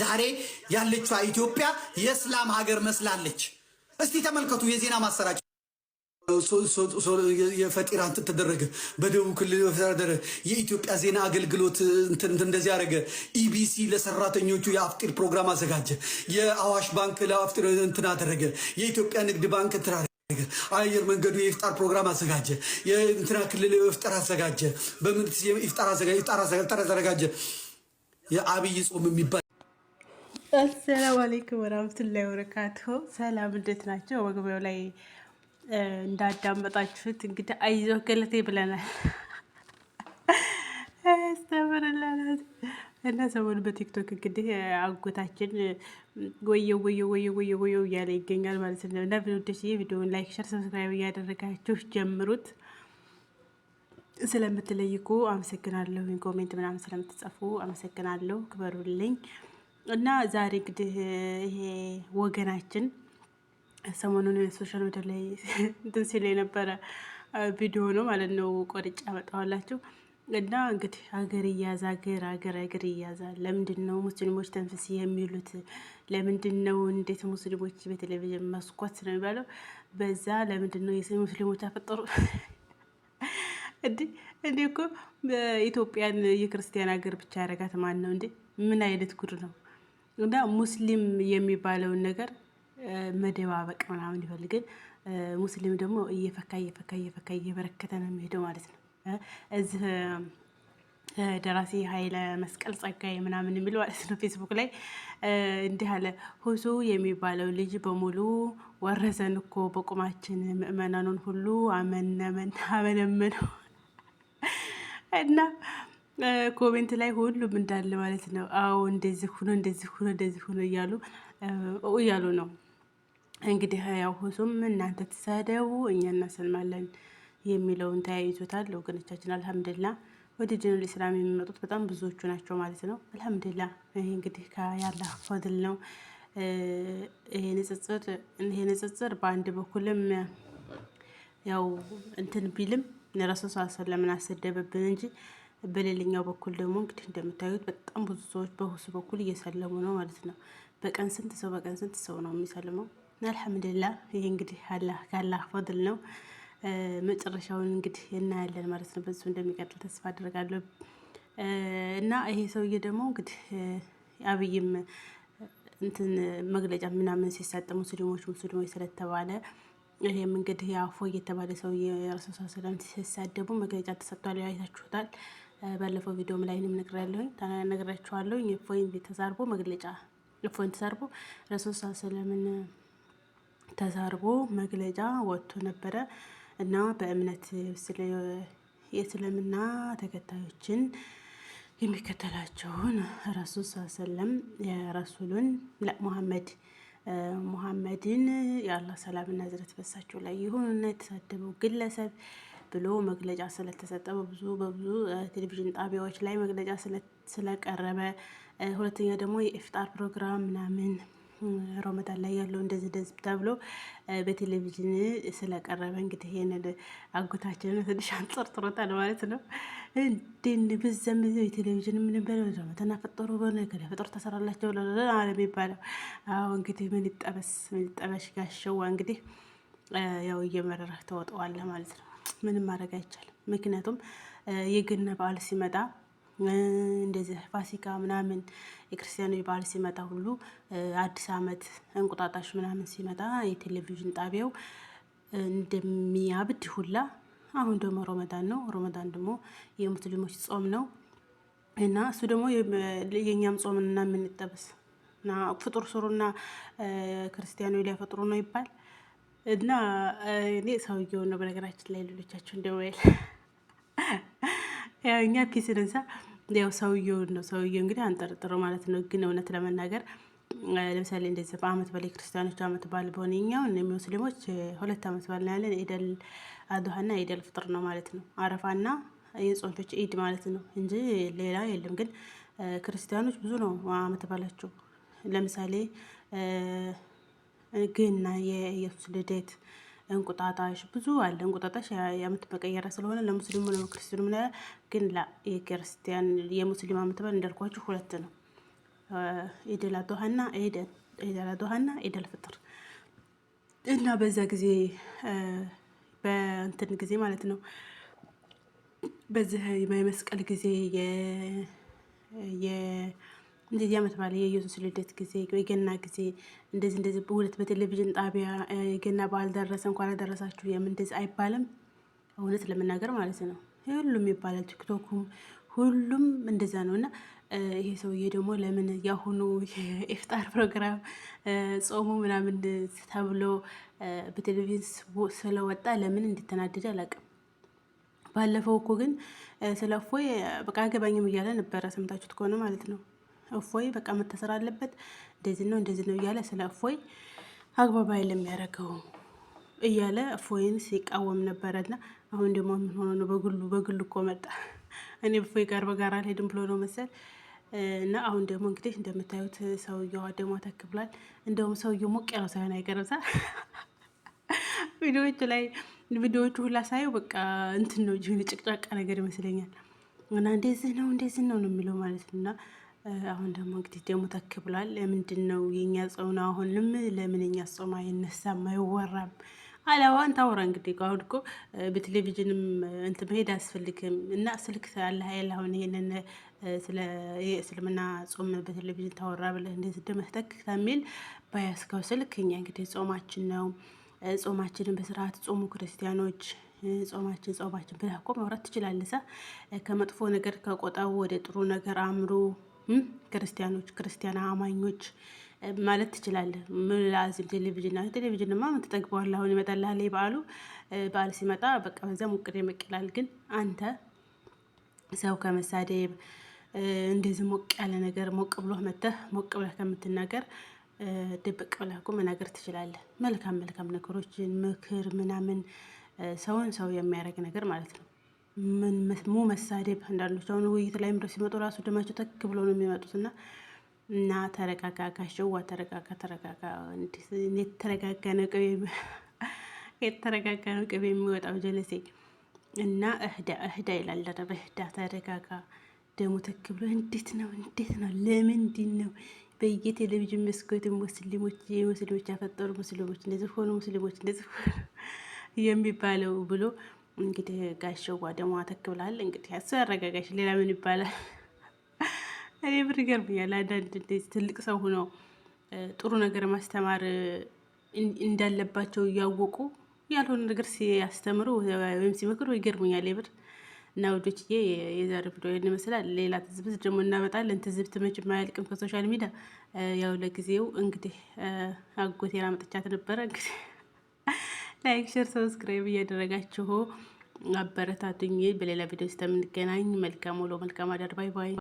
ዛሬ ያለችዋ ኢትዮጵያ የእስላም ሀገር መስላለች። እስቲ ተመልከቱ የዜና ማሰራጫ የፈጢራ እንትን ተደረገ። በደቡብ ክልል ተደረገ። የኢትዮጵያ ዜና አገልግሎት እንደዚህ ያደረገ። ኢቢሲ ለሰራተኞቹ የአፍጢር ፕሮግራም አዘጋጀ። የአዋሽ ባንክ ለአፍጢር እንትን አደረገ። የኢትዮጵያ ንግድ ባንክ እንትን አደረገ። አየር መንገዱ የኢፍጣር ፕሮግራም አዘጋጀ። የእንትና ክልል ፍጠር አዘጋጀ። በምርት ኢፍጣር አዘጋጀ። የአብይ ጾም የሚባል አሰላሙ አለይኩም ወራህመቱላሂ ወበረካቱሁ። ሰላም እንዴት ናቸው? መግቢያው ላይ እንዳዳመጣችሁት እንግዲህ አይዞህ ገለቴ ብለናል። ስተምርላናት እና ሰሞኑን በቲክቶክ እንግዲህ አጎታችን ወየ ወየ ወየ ወየ ወየው እያለ ይገኛል ማለት ነው። እና ብንወደች ቪዲዮን ላይክ፣ ሸር፣ ሰብስክራይብ እያደረጋችሁ ጀምሩት። ስለምትለይቁ አመሰግናለሁ። ኮሜንት ምናምን ስለምትጽፉ አመሰግናለሁ። ክበሩልኝ። እና ዛሬ እንግዲህ ይሄ ወገናችን ሰሞኑን ሶሻል ሚዲያ ላይ እንትን ሲል የነበረ ቪዲዮ ነው ማለት ነው። ቆርጬ አመጣኋላችሁ እና እንግዲህ ሀገር እያዝ ሀገር ሀገር ሀገር እያዛል። ለምንድን ነው ሙስሊሞች ተንፍስ የሚሉት? ለምንድን ነው እንዴት ሙስሊሞች በቴሌቪዥን መስኮት ነው የሚባለው? በዛ ለምንድን ነው ሙስሊሞች አፈጠሩ? እንዲ እኮ ኢትዮጵያን የክርስቲያን ሀገር ብቻ ያረጋት ማን ነው እንዴ? ምን አይነት ጉድ ነው? እና ሙስሊም የሚባለውን ነገር መደባበቅ ምናምን ይፈልግን። ሙስሊም ደግሞ እየፈካ እየፈካ እየፈካ እየበረከተ ነው የሚሄደው ማለት ነው። እዚህ ደራሲ ኃይለ መስቀል ጸጋዬ ምናምን የሚል ማለት ነው ፌስቡክ ላይ እንዲህ አለ። ሁሱ የሚባለው ልጅ በሙሉ ወረሰን እኮ በቁማችን ምእመናኑን ሁሉ አመነመን አመነመነው እና ኮሜንት ላይ ሁሉም እንዳለ ማለት ነው። አዎ እንደዚህ ሁኖ እንደዚህ ሁኖ እንደዚህ ሁኖ እያሉ እያሉ ነው እንግዲህ ያው ሁሱም እናንተ ትሳደቡ እኛ እናሰልማለን የሚለውን ተያይዞታል። ወገኖቻችን አልሐምድላ ወደ ዲኑል ኢስላም የሚመጡት በጣም ብዙዎቹ ናቸው ማለት ነው። አልሐምድላ ይህ እንግዲህ ከያላ ፈድል ነው። ይሄ ንጽጽር ይሄ ንጽጽር በአንድ በኩልም ያው እንትን ቢልም ረሱል ሰለላሁ ዐለይሂ ወሰለም አሰደበብን እንጂ በሌላኛው በኩል ደግሞ እንግዲህ እንደምታዩት በጣም ብዙ ሰዎች በሁሱ በኩል እየሰለሙ ነው ማለት ነው። በቀን ስንት ሰው በቀን ስንት ሰው ነው የሚሰልመው? አልሐምዱሊላህ ይህ እንግዲህ ካላህ ፈድል ነው። መጨረሻውን እንግዲህ እናያለን ማለት ነው። በዚሁ እንደሚቀጥል ተስፋ አድርጋለሁ እና ይሄ ሰውዬ ደግሞ እንግዲህ አብይም እንትን መግለጫ ምናምን ሲሰጥ ሙስሊሞች ሙስሊሞች ስለተባለ ይህም እንግዲህ የአፎ እየተባለ ሰው የረሱ ሰለም ሲሳደቡ መግለጫ ተሰጥቷል። ያይታችሁታል። ባለፈው ቪዲዮም ላይ ነግሬያለሁኝ ነግሬያችኋለሁኝ። እፎይን ተዛርቦ መግለጫ እፎይን ተዛርቦ ረሱል ስ ስለምን ተዛርቦ መግለጫ ወጥቶ ነበረ እና በእምነት ስለ የእስልምና ተከታዮችን የሚከተላቸውን ረሱል ስ ሰለም የረሱሉን ሙሐመድ ሙሐመድን የአላህ ሰላምና እዝነት በሳቸው ላይ ይሁንና የተሳደበው ግለሰብ ብሎ መግለጫ ስለተሰጠ በብዙ በብዙ ቴሌቪዥን ጣቢያዎች ላይ መግለጫ ስለቀረበ፣ ሁለተኛ ደግሞ የኢፍጣር ፕሮግራም ምናምን ሮመዳን ላይ ያለው እንደዚህ እንደዚህ ተብሎ በቴሌቪዥን ስለቀረበ እንግዲህ ይህንን አጎታችንን ትንሽ አንጸርጥሮታል ማለት ነው። እንዴን ብዘም የቴሌቪዥን የምንበለው ረመዳን ፈጠሩ በነገር ፈጠሩ ተሰራላቸው አለ ይባለው። አዎ እንግዲህ ምን ይጠበስ ምን ይጠበሽ ጋሸዋ እንግዲህ ያው እየመረረህ ተወጠዋለ ማለት ነው። ምንም ማድረግ አይቻልም። ምክንያቱም የገና በዓል ሲመጣ እንደዚህ ፋሲካ ምናምን የክርስቲያኑ በዓል ሲመጣ ሁሉ አዲስ ዓመት እንቁጣጣሽ ምናምን ሲመጣ የቴሌቪዥን ጣቢያው እንደሚያብድ ሁላ አሁን ደግሞ ሮመዳን ነው። ሮመዳን ደግሞ የሙስሊሞች ጾም ነው እና እሱ ደግሞ የእኛም ጾምንና የምንጠበስ ፍጡር ስሩና ክርስቲያኑ ሊያፈጥሩ ነው ይባል እና እኔ ሰውዬውን ነው በነገራችን ላይ ልጆቻቸው እንደወይል ያው እኛ ፒስን እንሳ ያው ሰውዬውን ነው ሰውዬው እንግዲህ አንጠርጥሮ ማለት ነው። ግን እውነት ለመናገር ለምሳሌ እንደዚህ በአመት በላይ ክርስቲያኖች አመት በዓል በሆነ እኛው ሙስሊሞች ሁለት አመት በዓል ነው ያለን። ኢደል አድሃና ኢደል ፍጥር ነው ማለት ነው። አረፋና የጾንቶች ኢድ ማለት ነው እንጂ ሌላ የለም። ግን ክርስቲያኖች ብዙ ነው አመት በዓላቸው ለምሳሌ ግን የኢየሱስ ልደት፣ እንቁጣጣሽ ብዙ አለ። እንቁጣጣሽ የአመት መቀየሪያ ስለሆነ ለሙስሊሙ ነው ክርስቲያኑ ምና ግን ላ የክርስቲያን የሙስሊም አመት በዓል እንዳልኳችሁ ሁለት ነው። ኢደል አድሃና ኢደል ፍጥር እና በዛ ጊዜ በእንትን ጊዜ ማለት ነው በዚህ የመስቀል ጊዜ የ እንደዚህ ዓመት በዓል የኢየሱስ ልደት ጊዜ የገና ጊዜ እንደዚህ እንደዚህ በሁለት በቴሌቪዥን ጣቢያ የገና በዓል ደረሰ እንኳን አደረሳችሁ የም እንደዚህ አይባልም። እውነት ለመናገር ማለት ነው ሁሉም ይባላል። ቲክቶኩም ሁሉም እንደዛ ነው እና ይሄ ሰውዬ ደግሞ ለምን የአሁኑ የኢፍጣር ፕሮግራም ጾሙ ምናምን ተብሎ በቴሌቪዥን ስለወጣ ለምን እንዲተናደድ አላውቅም። ባለፈው እኮ ግን ስለፎይ በቃ አገባኝም እያለ ነበረ ሰምታችሁት ከሆነ ማለት ነው እፎይ በቃ መታሰር አለበት እንደዚህ ነው እንደዚህ ነው እያለ ስለ እፎይ አግባባ አይደለም እያለ እፎይን ሲቃወም ነበረና አሁን ደግሞ ምን ሆኖ ነው በግሉ በግሉ እኮ መጣ። እኔ እፎይ ጋር በጋራ አልሄድም ብሎ ነው መሰል እና አሁን ደግሞ እንግዲህ እንደምታዩት ሰውየዋ ደግሞ ተክብሏል። እንደውም ሰውየው ሞቅ ያለው ሳይሆን አይቀርም ቪዲዮዎቹ ላይ ቪዲዮዎቹ ሁላ ሳየው በቃ እንትን ነው ጭቅጫቃ ነገር ይመስለኛል እና እንደዚህ ነው እንደዚህ ነው ነው የሚለው ማለት ነው እና አሁን ደግሞ እንግዲህ ደግሞ ተክ ብሏል። ለምንድን ነው የኛ ጾም ነው አሁንም ለምን እኛ ጾም አይነሳም አይወራም? አላዋን ታውራ እንግዲህ አሁን እኮ በቴሌቪዥንም እንትን መሄድ አያስፈልግም እና ስልክ አለ ሀይል አሁን ይሄንን ስለ የእስልምና ጾም በቴሌቪዥን ታወራ ብለህ እንደዚህ ደመህ ተክ ከሚል በያዝከው ስልክ እኛ እንግዲህ ጾማችን ነው ጾማችንን በስርዓት ጾሙ ክርስቲያኖች ጾማችን ጾማችን ብላ እኮ ማውራት ትችላለህ። ከመጥፎ ነገር ከቆጠቡ ወደ ጥሩ ነገር አምሩ ክርስቲያኖች ክርስቲያን አማኞች ማለት ትችላለህ። ምላዝል ቴሌቪዥን ና ቴሌቪዥንማ ምን ትጠግበዋለህ? አሁን ይመጣልሃል በዓሉ በዓል ሲመጣ በቃ በዚያ ሞቅድ የመቅ ይላል። ግን አንተ ሰው ከመሳደብ እንደዚህ ሞቅ ያለ ነገር ሞቅ ብሎ መተህ ሞቅ ብለህ ከምትናገር ድብቅ ብለህ እኮ መናገር ትችላለህ። መልካም መልካም ነገሮችን ምክር ምናምን ሰውን ሰው የሚያደርግ ነገር ማለት ነው። ሙ መሳደብ እንዳሉት አሁን ውይይት ላይ ምረ ሲመጡ ራሱ ደማቸው ተክ ብሎ ነው የሚመጡት እና እና ተረጋጋ ጋሸዋ ተረጋጋ ተረጋጋ የተረጋጋ ነው ቅቤ የተረጋጋ ነው ቅቤ የሚወጣው ጀለሴ እና እህዳ እህዳ ይላል ደረበ እህዳ ተረጋጋ ደግሞ ተክ ብሎ እንዴት ነው እንዴት ነው ለምንድን ነው በየቴሌቪዥን መስኮት ሙስሊሞች ሙስሊሞች ያፈጠሩ ሙስሊሞች እንደዚህ ሆኑ ሙስሊሞች እንደዚህ ሆኑ የሚባለው ብሎ እንግዲህ ጋሸው ጓደማ ተክ ብላል። እንግዲህ እሱ ያረጋጋሽ፣ ሌላ ምን ይባላል? እኔ ብር ይገርምኛል። አንዳንድ እንደዚህ ትልቅ ሰው ሆኖ ጥሩ ነገር ማስተማር እንዳለባቸው እያወቁ ያልሆነ ነገር ሲያስተምሩ ወይም ሲመክሩ ይገርሙኛል። የብር እና ወዶችዬ የዛሬ ቪዲዮ ይህን ይመስላል። ሌላ ትዝብት ደግሞ እናመጣለን። ትዝብት መቼም አያልቅም ከሶሻል ሚዲያ። ያው ለጊዜው እንግዲህ አጎቴን አመጥቻት ነበረ እንግዲህ ላይክ፣ ሼር፣ ሰብስክራይብ እያደረጋችሁ አበረታቱኝ። በሌላ ቪዲዮ ውስጥ መልካም ውሎ መልካም አዳር። ባይ ባይ።